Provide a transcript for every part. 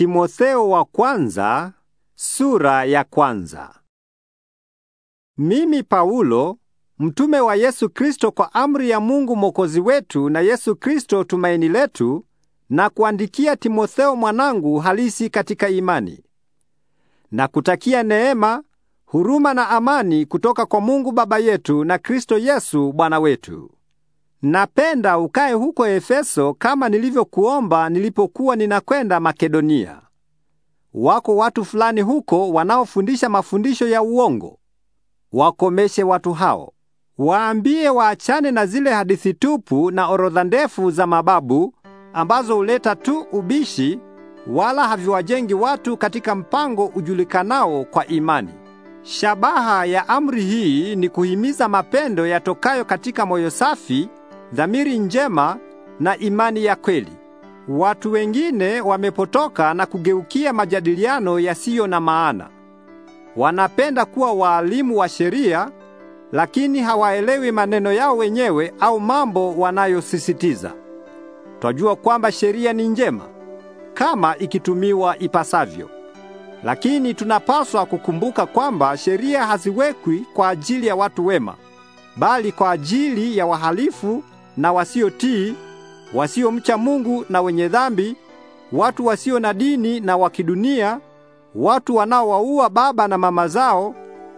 Timotheo wa kwanza sura ya kwanza. Mimi Paulo mtume wa Yesu Kristo kwa amri ya Mungu Mwokozi wetu na Yesu Kristo tumaini letu na kuandikia Timotheo mwanangu halisi katika imani. Na kutakia neema, huruma na amani kutoka kwa Mungu Baba yetu na Kristo Yesu Bwana wetu. Napenda ukae huko Efeso kama nilivyokuomba nilipokuwa ninakwenda Makedonia. Wako watu fulani huko wanaofundisha mafundisho ya uongo. Wakomeshe watu hao. Waambie waachane na zile hadithi tupu na orodha ndefu za mababu ambazo huleta tu ubishi wala haviwajengi watu katika mpango ujulikanao kwa imani. Shabaha ya amri hii ni kuhimiza mapendo yatokayo katika moyo safi dhamiri njema na imani ya kweli. Watu wengine wamepotoka na kugeukia majadiliano yasiyo na maana. Wanapenda kuwa waalimu wa sheria, lakini hawaelewi maneno yao wenyewe au mambo wanayosisitiza. Twajua kwamba sheria ni njema kama ikitumiwa ipasavyo. Lakini tunapaswa kukumbuka kwamba sheria haziwekwi kwa ajili ya watu wema, bali kwa ajili ya wahalifu na wasiotii, wasiomcha Mungu na wenye dhambi, watu wasio na dini na wa kidunia, watu wanaowaua baba na mama zao,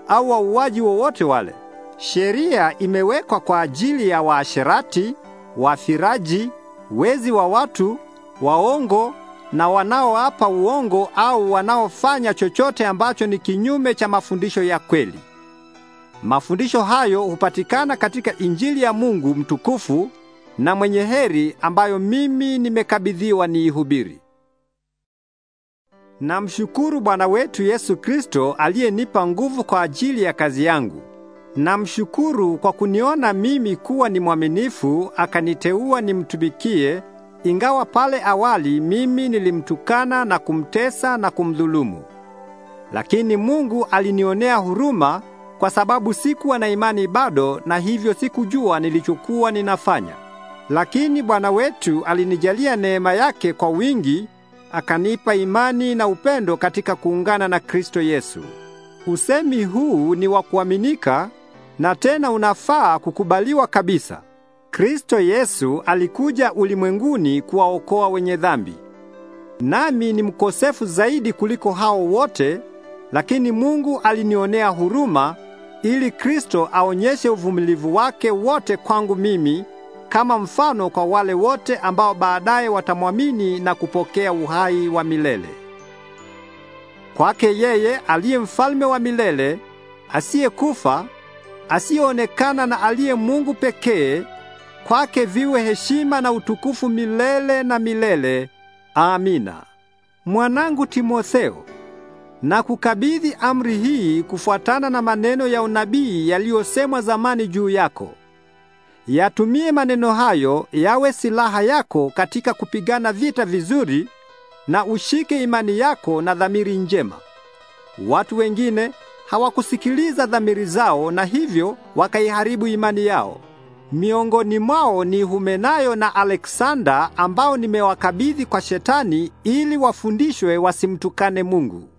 au wauaji wowote wale. Sheria imewekwa kwa ajili ya waasherati, wafiraji, wezi wa watu, waongo na wanaoapa uongo au wanaofanya chochote ambacho ni kinyume cha mafundisho ya kweli. Mafundisho hayo hupatikana katika Injili ya Mungu mtukufu na mwenye heri ambayo mimi nimekabidhiwa niihubiri. Namshukuru Bwana wetu Yesu Kristo aliyenipa nguvu kwa ajili ya kazi yangu. Namshukuru kwa kuniona mimi kuwa ni mwaminifu akaniteua nimtumikie, ingawa pale awali mimi nilimtukana na kumtesa na kumdhulumu. Lakini Mungu alinionea huruma kwa sababu sikuwa na imani bado, na hivyo sikujua nilichokuwa ninafanya. Lakini Bwana wetu alinijalia neema yake kwa wingi, akanipa imani na upendo katika kuungana na Kristo Yesu. Usemi huu ni wa kuaminika na tena unafaa kukubaliwa kabisa. Kristo Yesu alikuja ulimwenguni kuwaokoa wenye dhambi. Nami ni mkosefu zaidi kuliko hao wote, lakini Mungu alinionea huruma ili Kristo aonyeshe uvumilivu wake wote kwangu mimi kama mfano kwa wale wote ambao baadaye watamwamini na kupokea uhai wa milele. Kwake yeye aliye mfalme wa milele, asiyekufa, asiyeonekana na aliye Mungu pekee, kwake viwe heshima na utukufu milele na milele. Amina. Mwanangu Timotheo, na kukabidhi amri hii kufuatana na maneno ya unabii yaliyosemwa zamani juu yako. Yatumie maneno hayo yawe silaha yako katika kupigana vita vizuri, na ushike imani yako na dhamiri njema. Watu wengine hawakusikiliza dhamiri zao na hivyo wakaiharibu imani yao. Miongoni mwao ni Humenayo na Aleksanda ambao nimewakabidhi kwa Shetani ili wafundishwe wasimtukane Mungu.